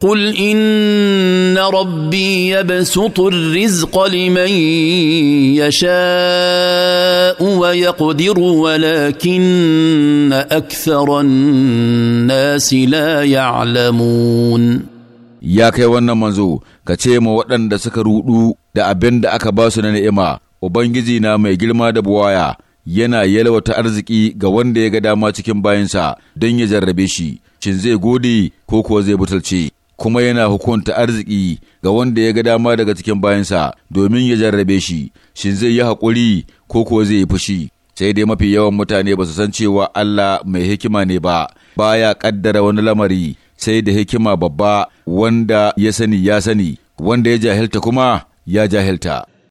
قل ان ربي يبسط الرزق لمن يشاء ويقدر ولكن اكثر الناس لا يعلمون ya kai wannan manzo ka ce ma waɗanda suka ruɗu da abin da aka ba su na ni'ima ubangiji na mai girma da buwaya yana yalwata arziki ga wanda ya ga dama cikin bayansa don ya jarrabe shi shin zai gode ko kuwa zai butulce kuma yana hukunta arziki ga wanda ya ga dama daga cikin bayansa domin ya jarrabe shi, shin zai yi haƙuri ko kuwa zai yi fushi. Sai dai mafi yawan mutane ba su san cewa Allah mai hikima ne ba, baya ƙaddara wani lamari sai da hikima babba wanda ya sani ya sani, wanda ya jahilta kuma ya jahilta.